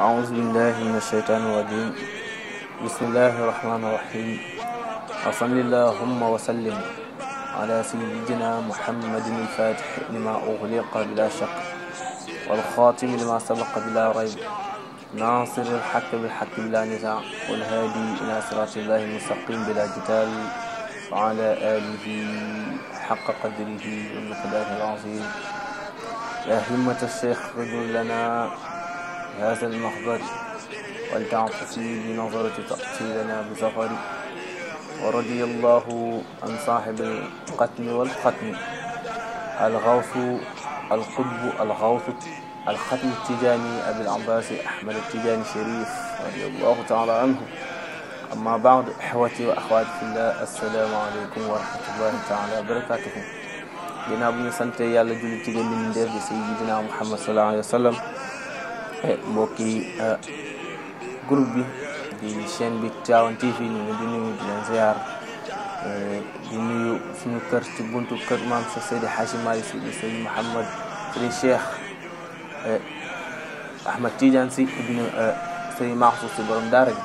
أعوذ بالله من الشيطان الرجيم بسم الله الرحمن الرحيم وصل اللهم وسلم على سيدنا محمد الفاتح لما أغلق بلا شق والخاتم لما سبق بلا ريب ناصر الحق بالحق بلا نزاع والهادي إلى صراط الله المستقيم بلا جدال وعلى آله حق قدره ومقداره العظيم يا همة الشيخ رجل لنا هذا المخبر ولتعطفي بنظرة لنا بسفر ورضي الله عن صاحب القتل والختم الغوث القطب الغوث الختم التجاني أبي العباس أحمد التجاني الشريف رضي الله تعالى عنه أما بعد إخوتي وأخواتي في الله السلام عليكم ورحمة الله تعالى وبركاته ginnaaw bu ñu sante yàlla julli ci ngeen liñu ndeer bi sayyidina Muhammad sallallahu alayhi wa sallam eh, mbokki eh, groupe bi di chaîne bi Tivaouane TV ñu ngi di nuyu di leen ziar eh, di nuyu suñu kër ci buntu kër maam sa Seydi Hadji Malick Sy di Seydi Mouhamed Sy Cheikh Ahmed Tidiane Sy ibnu Seydi Mansour Sy borom daara ji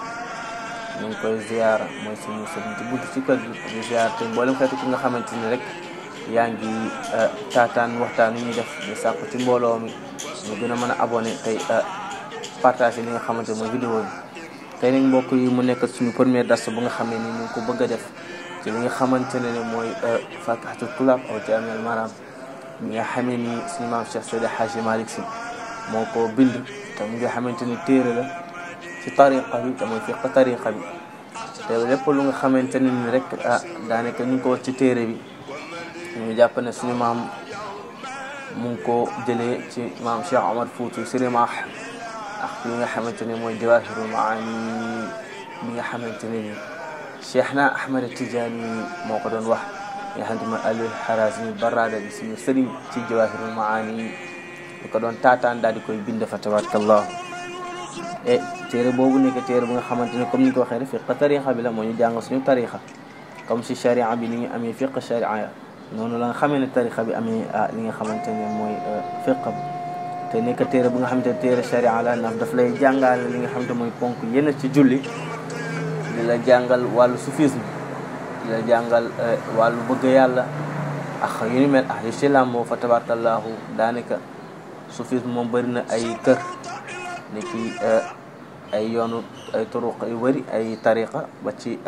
ñu ngi koy ziar mooy suñu sëriñ ci buntu ci kër bi di ziar te mboolem xeetu ki nga xamante ni rek yaa ngi euh, taataan waxtaan wi ñuy def di sàkku ci mbooloo mi ñu gën a mën a abonné tey euh, partagé li nga xamante mooy vidéo bi tey nag mbokk yi mu nekk suñu première dars bu nga xam ne ni ñu ngi ko bëgg a def ci li nga xamante ne ne mooy euh, fakahatu tulaab aw jaami'ul maraam mi nga xamee ni suñu maam Cheikh Seydi Hadji Malick moo ko bind te mu nga xamante ni téere la ci tariqa bi te mooy fiq tariqa bi lu nga xamante ne nii rek ah daanaka ñu ko wax ci téere bi ñu jàpp ne suñu maam mu ngi ko jëlee ci maam Cheikh Omar Fouti Sirimaax ak li nga xamante ni mooy Jawaahirul Maani bi nga xamante ni Cheikh na Ahmad Tijaani moo ko doon wax nga xam ne mooy Aliou Harazmi Barada bi suñu sëriñ ci Jawaahirul Maani di ko doon taataan daal di koy bind fa tabarakallah e téere boobu nekk téere bu nga xamante ne comme ni ko waxee rek fiq tarixa bi la moo ñu jàng suñu tarixa comme si charia bi ni ñu amee fiq charia nonu la nga xamee ne tarixa bi amee li nga xamante ne mooy fiqam te nekk téere bu nga xamante ne téere charia la ndax daf lay jàngale li nga xamante mooy ponk yenn ci julli di la jàngal wàllu soufisme di la jàngal wàllu bëgg yàlla ak yu ñu mel ak yu ci làmboo fa tabarakallahu daanaka soufisme moom bëri na ay kër ni ci ay yoonu ay turuq yu bëri ay tariqa ba ci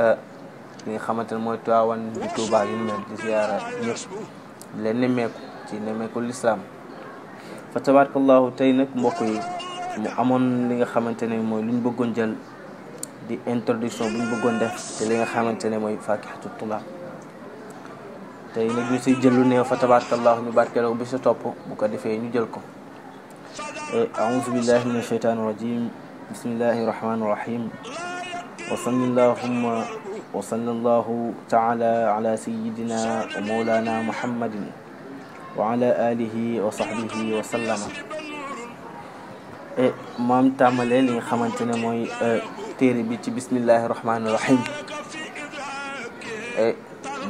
li nga xamante ne mooy Tiwaawan di Tuubaa yu mel di ziyaara ñëpp di leen nemmeeku ci nemmeeku lislaam fa tabarakallahu tey nag mbokk yi mu amoon li nga xamante ne mooy lu ñu bëggoon jël di introduction bu ñu bëggoon def te li nga xamante ne mooy faakihatu tulaab tey nag ñu siy jël lu néew fa tabarakallahu ñu barkeeloo bi si topp bu ko defee ñu jël ko أعوذ بالله من الشيطان الرجيم بسم الله الرحمن الرحيم وصل اللهم وصلى الله تعالى على سيدنا ومولانا محمد وعلى آله وصحبه وسلم مام تعملني خمنتنا موي تيري بي بسم الله الرحمن الرحيم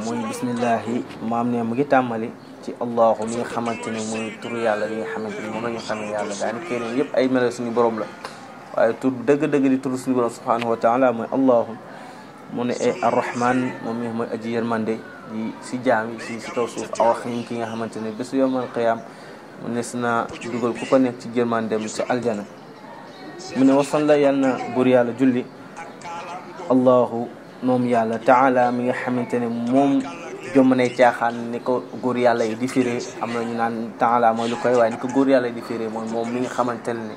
موي بسم الله مام ني مغي تامالي تي الله مي خمنتني موي تور يالا لي خمنتني مو نيو خمن يالا دا ني كيرين ييب اي ميلو سوني بروم لا واي تور دغ دغ دي تور سوني سبحانه وتعالى مي اللهم mu ne e arrahman moom mi mooy aji yërmande ji si jaam yi si si kaw suuf aw xiin ki nga xamante ne bésu yowmal qiyaam mu dugal ku ko nekk ci jërmandem ci aljana mu ne wasan la yàlla na julli allahu moom yàlla taala mi nga xamante ne moom jommanee caaxaan ni ko góor yàlla yi di firee am na ñu naan taala mooy lu koy waaye ni ko góor yàlla yi di firee mooy mi nga xamante ne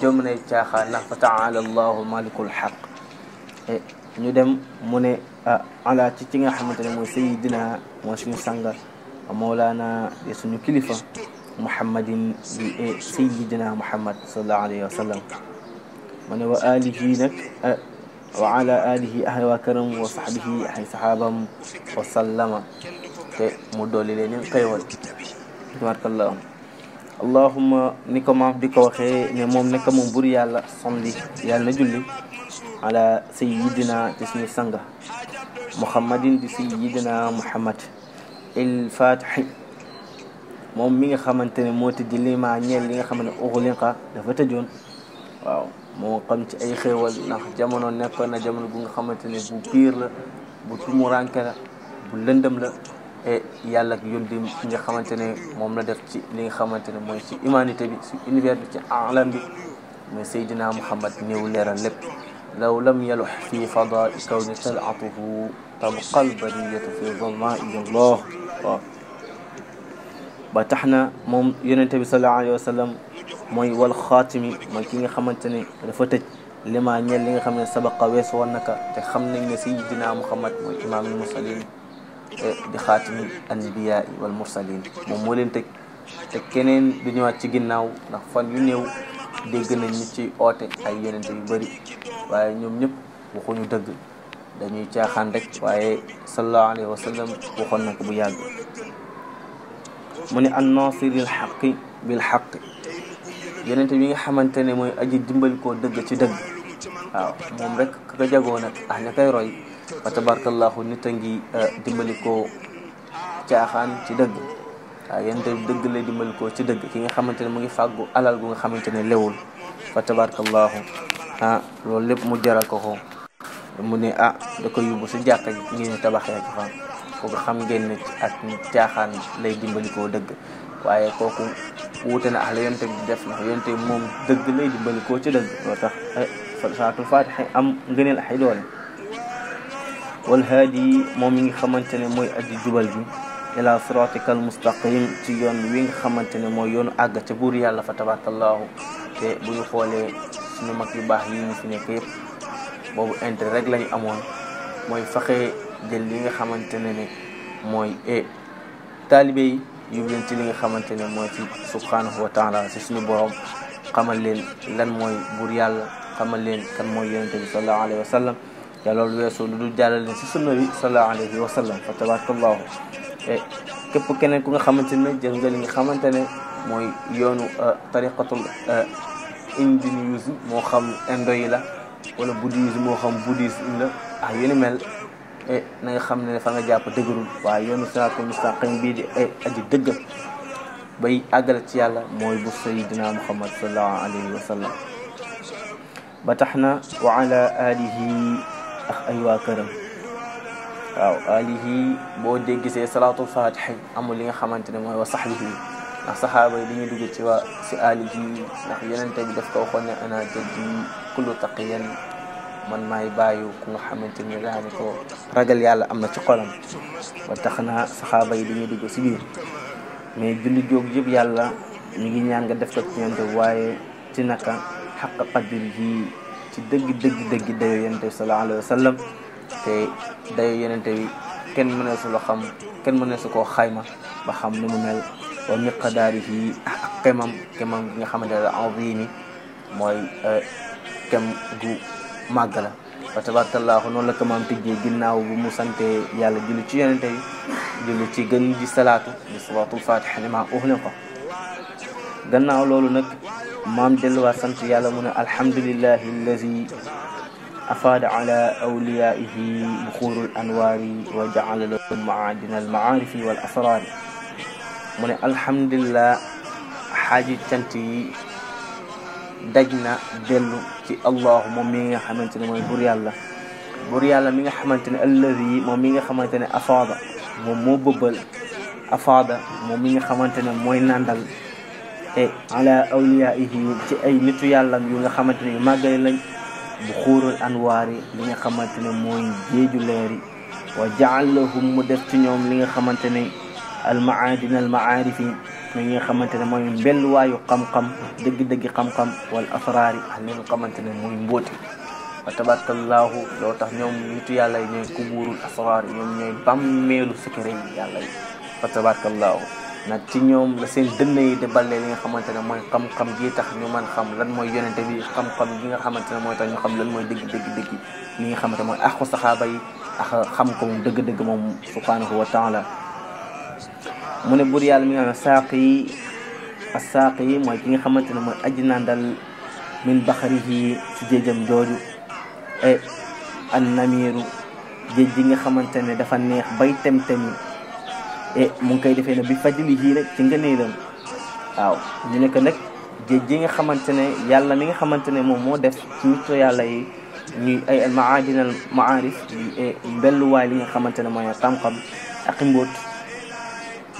jommanee caaxaan taala allahu malikul xaq ñu dem mu ne ala ci ci nga xamante ne mooy sayidina mooy suñu sanga mawlaana di suñu kilifa muhammadin di sayidina muhammad salallahu alayhi wa sallam mu ne wa alihi nag wa ala alihi ahli waa këram wa saxbihi ay saxaabam wa sallama te mu dolli leen xéewal tabarakallahu allahuma ni ko maam di ko waxee ne moom nekk moom bur yàlla samedi yàlla na julli على سيدنا تسني سانغا محمد di سيدنا محمد الفاتح moom mi nga xamante ne moo tëj li ma ñeel li nga xam ne uxlinqa dafa tëjoon waaw moo xam ci ay xéewal ndax jamono nekkoon na jamono bu nga xamante ne bu piir la bu tumuranke la bu lëndëm la et yàlla ak yónni nga xamante ne moom la def ci li nga xamante ne mooy ci humanité bi ci univers bi ci alam bi mooy Seydina Muhammad néew leeral lépp لو لم يلح في فضاء كون تلعطه تبقى البرية في ظلماء الله ba tax na moom yonent bi sallallahu alayhi wa sallam mooy wal xaatimi mooy ki nga xamante ne dafa tëj lima ñel li nga xam ne sabaqa wees woon naka te xam nañ ne sayidina muhammad mooy imaamul mursalin di xaatimi anbiyaai wal mursalin moom moo leen tëj te keneen du ñëwaat ci ginnaaw ndax fan yu néew dégg nañ ci oote ay yonent yu bari waaye ñoom ñëpp waxuñu dëgg dañuy caaxaan rek waaye sallallahu alayhi wa sallam waxoon na ko bu yàgg mu ne an nasiril xaqi bil xaqi yonent bi nga xamante ne mooy aji dimbali koo dëgg ci dëgg moom rek ka jagoo nag ah ña koy roy fa tabarakallahu nit a ngi eh, dimbali koo caaxaan ci dëgg waaw yéen tey dëgg la dimbali ko ci dëgg ki nga xamante ne mu ngi fàggu alal gu xamante ne lewul fa tabarakallahu ah loolu lépp mu jaral ko ko mu ne ah yóbbu si jàkka ngeen ñu tabaxee ko fa kooku xam ngeen ne ak caaxaan lay dimbali koo dëgg waaye kooku wuute na ak la yonte def na yonte moom dëgg lay dimbali koo ci dëgg loo tax eh, salaatul faatixa am ngëneel ay doole wal haadi moom mi ngi xamante ne mooy aji jubal bi ila siratikal mustaqim ci yoon wi nga xamante ne mooy yoonu àgg ca buur yàlla fa tabarakallahu te bu ñu xoolee suñu mag yu baax yi ñu fi nekk yëpp boobu intérêt rek lañu amoon mooy faxee jël li nga xamante ne ne mooy e taalibe yi yóbbu leen ci li nga xamante ne mooy ci subhanahu wa taala ci suñu borom xamal leen lan mooy buur yàlla xamal leen kan mooy yonente bi sallallahu alayhi wa sallam te loolu weesoo lu dul jàllale ci sunna bi sallallahu alayhi wa sallam fa tabarakallahu كيف كان يكون خامنتنا جهود اللي خامنتنا موي يونو آه، طريقة ال آه، إندونيوز مو خام إندويلا ولا بوديز مو خام بوديز إلا أيون مل إيه، نعم خام نفعنا جاب تجرب وايون سرقة مستقيم بيد إيه، أجد دقة باي أجل تيالا موي بو سيدنا محمد صلى الله عليه وسلم بتحنا وعلى آله أخ أيوا كرم waaw alihi boo dégg gisee salaatul fatiha amul li nga xamante ne mooy wa sahbihi ndax saxaaba yi dañuy dugg ci waa si alihi ndax yenente bi daf ko waxoon ne ana man maay bàyyu nga xamante ni ko ragal yàlla am na ci xolam ba tax na saxaaba yi dañuy dugg si biir mais julli joog yëpp yàlla ñu ngi ñaan nga def ko ci yonente waaye ci naka xaq qadir ci dëgg dëgg dëgg dayo yonente bi sallallahu alayhi wa te dayo yenente bi kenn mënee su la xam kenn mënee su koo xayma ba xam ni mu mel wa miqdaarihi ak kemam kemam gi nga xamante ne azimi mooy euh, kem gu màgg la wa tabarakallahu noonu la kamaam tijjee ginnaaw bu mu sante yàlla julli ci yenente bi julli ci gën di salaatu di salaatul fatiha li ma uxliqa gannaaw loolu nag maam delluwaat sant yàlla mu ne alhamdulillahi allazi afaada ala awliyaihi buxuurul anwaari wa jaala lahum maadina almaarifi wal alhamdulillah xaaji cant yi na dellu ci allahu moom mi nga xamante ne mooy buur yàlla buur yàlla mi nga xamante ne alladi moom mi nga xamante ne afaada moom moo bëbbal afaada moom mi nga xamante ne mooy nàndal te awliyaihi ci ay nitu yàllam yu nga xamante ne yu màggale lañ bu xuural anwaari li nga xamante ne mooy géeju leeri wa jaalahum mu def ci ñoom li nga xamante ne almaadin almaarifi li nga xamante ne mooy mbelluwaayu xam-xam dëgg-dëgg xam-xam wal asraari ak li nga xamante ne mooy mbóoti wa tabarakallaahu loo tax ñoom nitu yàlla yi ñooy kubuurul asraar ñoom ñooy bàmmeelu secret yi yàlla yi wa tabarakallaahu nag ci ñoom la seen dënn yi di ballee li nga xamante ne mooy xam-xam gi tax ñu man xam lan mooy yonente bi xam-xam gi nga xamante ne mooy tax ñu xam lan mooy dëgg dëgg dëgg li nga xamante mooy axu saxaaba yi ak xam ko moom dëgg-dëgg moom subhanahu wa taala mu ne bur yàlla mi nga xam yi a saaq yi mooy ki nga xamante ne mooy aji nandal min baxarihi si jéejam jooju e an namiru géej gi nga xamante ne dafa neex bay tem-temi e mu ngi koy defee ne bi fadlihi rek ci ngëneelam waaw ñu ne nag géej gi nga xamante ne yàlla mi nga xamante ne moom moo def ci ay al maadin al li nga xamante ne mooy xam-xam ak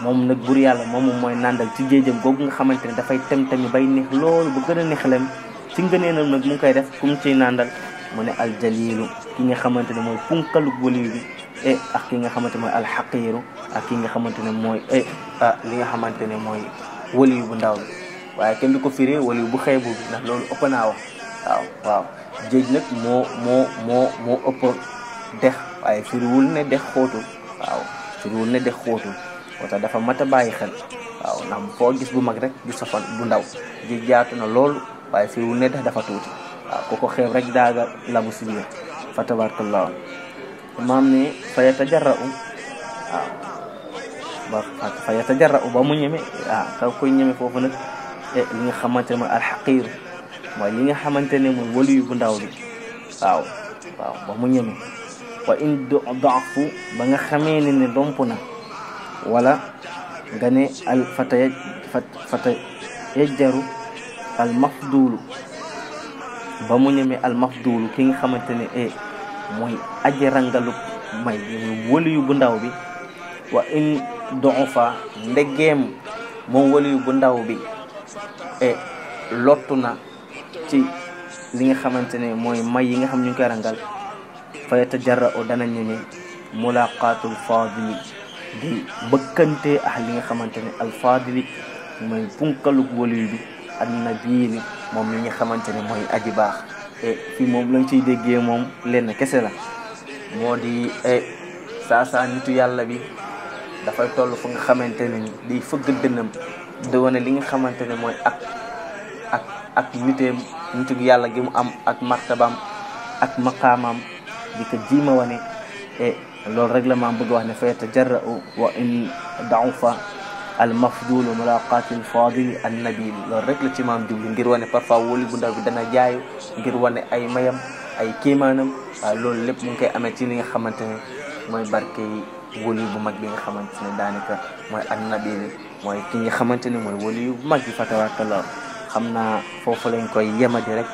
moom nag bur yàlla moom mooy nàndal ci géejam googu nga xamante ne dafay tem tamit bay neex loolu ba gën a neexlem ci ngëneelam nag mu ngi koy def kum ci nàndal mu ne aljalilu ki nga xamante ne mooy punkalu waliyu bi e ak ki nga xamante mooy alxaqiiru ak ki nga xamante ne mooy e li nga xamante ne mooy waliyu bu ndaw bi waaye kenn du ko firee waliyu bu xeebu bi ndax loolu ëpp naa wax waaw waaw géej nag moo moo moo ëpp dex waaye firiwul ne dex xóotul waaw firiwul ne dex xóotul moo tax dafa mat bàyyi xel waaw ndax foo gis bu mag rek du safan ndaw géej na loolu waaye firiwul ne dex dafa tuuti waaw ku ko xeeb rek daaga labu si biir fa tabarakallah maam ne ah. fa yatajarra'u waaw ba mu ñeme waaw ah, koy ñeme foofu nag eh, li nga xamante ne mooy alxaqir mooy li nga xamante ne mooy waliyu bu ndaw bi waaw waaw ba mu ñeme wa in daafu ba nga xamee ne ne domp na wala nga ne al fata fata yajjaru al mafdulu ba mu ñeme al mafdulu ki nga xamante ne eh, mooy aji rangalu may bi bu ndaw bi wa in doxufa ndegeem moom waliyu bu ndaw bi e lottu na ci li nga xamante ne mooy may yi nga xam ñu koy rangal fa yatajarra u dana ñeme mulaqaatul fadili di bëkkantee ah li nga xamante ne alfadili mooy punkalug waliyu bi an nabili moom li nga xamante ne mooy aji baax te moom lañ ciy déggee moom lenn kese la moo di eh, saa saa nitu yàlla bi dafay toll fu nga xamante ne ni day fëgg dënnam di wane li nga xamante ne mooy ak ak ak niteem yàlla gi mu am ak martabam ak maqaamam di jiima wane e loolu rek la ma bëgg wax ne fayatajarra'u wa in da'ufa al mafdulu mulaqatil fadili an nabil loolu rek la ci maam jublu ngir wane parfois wóoli bu ndaw dana jaayu ngir wane ay mayam ay kéemaanam waaye loolu lépp mu koy amee ci li nga xamante ne mooy barke yi wóoli bu mag bi nga xamante ne daanaka mooy an nabil mooy ki nga xamante ne mooy wóoli bu mag bi fatawakkala xam na foofu lañ koy yemadi rek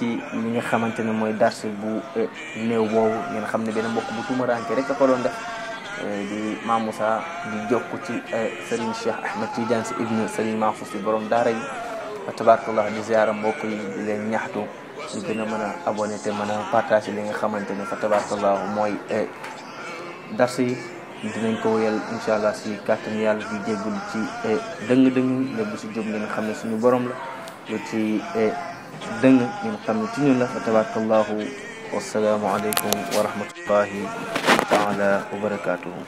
ci li nga xamante ne mooy darse bu eh, néew boobu ngeen xam ne benn mbokk bu tuumaranke rek a ko doon def di Mame Moussa di jokk ci Serigne Cheikh Ahmed Tidiane si ibnu Serigne Mahfouz si borom daara yi tabarakallah di ziara mbokk yi di leen ñaxtu ñu gën a mën a abonné te mën a partagé li nga xamante ne fa tabarakallah mooy dars yi dinañ ko wéyal incha allah di jéggul ci dëng-dëng lépp si jóg ngeen xam ne suñu borom la dëng ngeen xam ne ci ñun la fa tabarakallahu wasalaamu aleykum taala wa barakaatuhu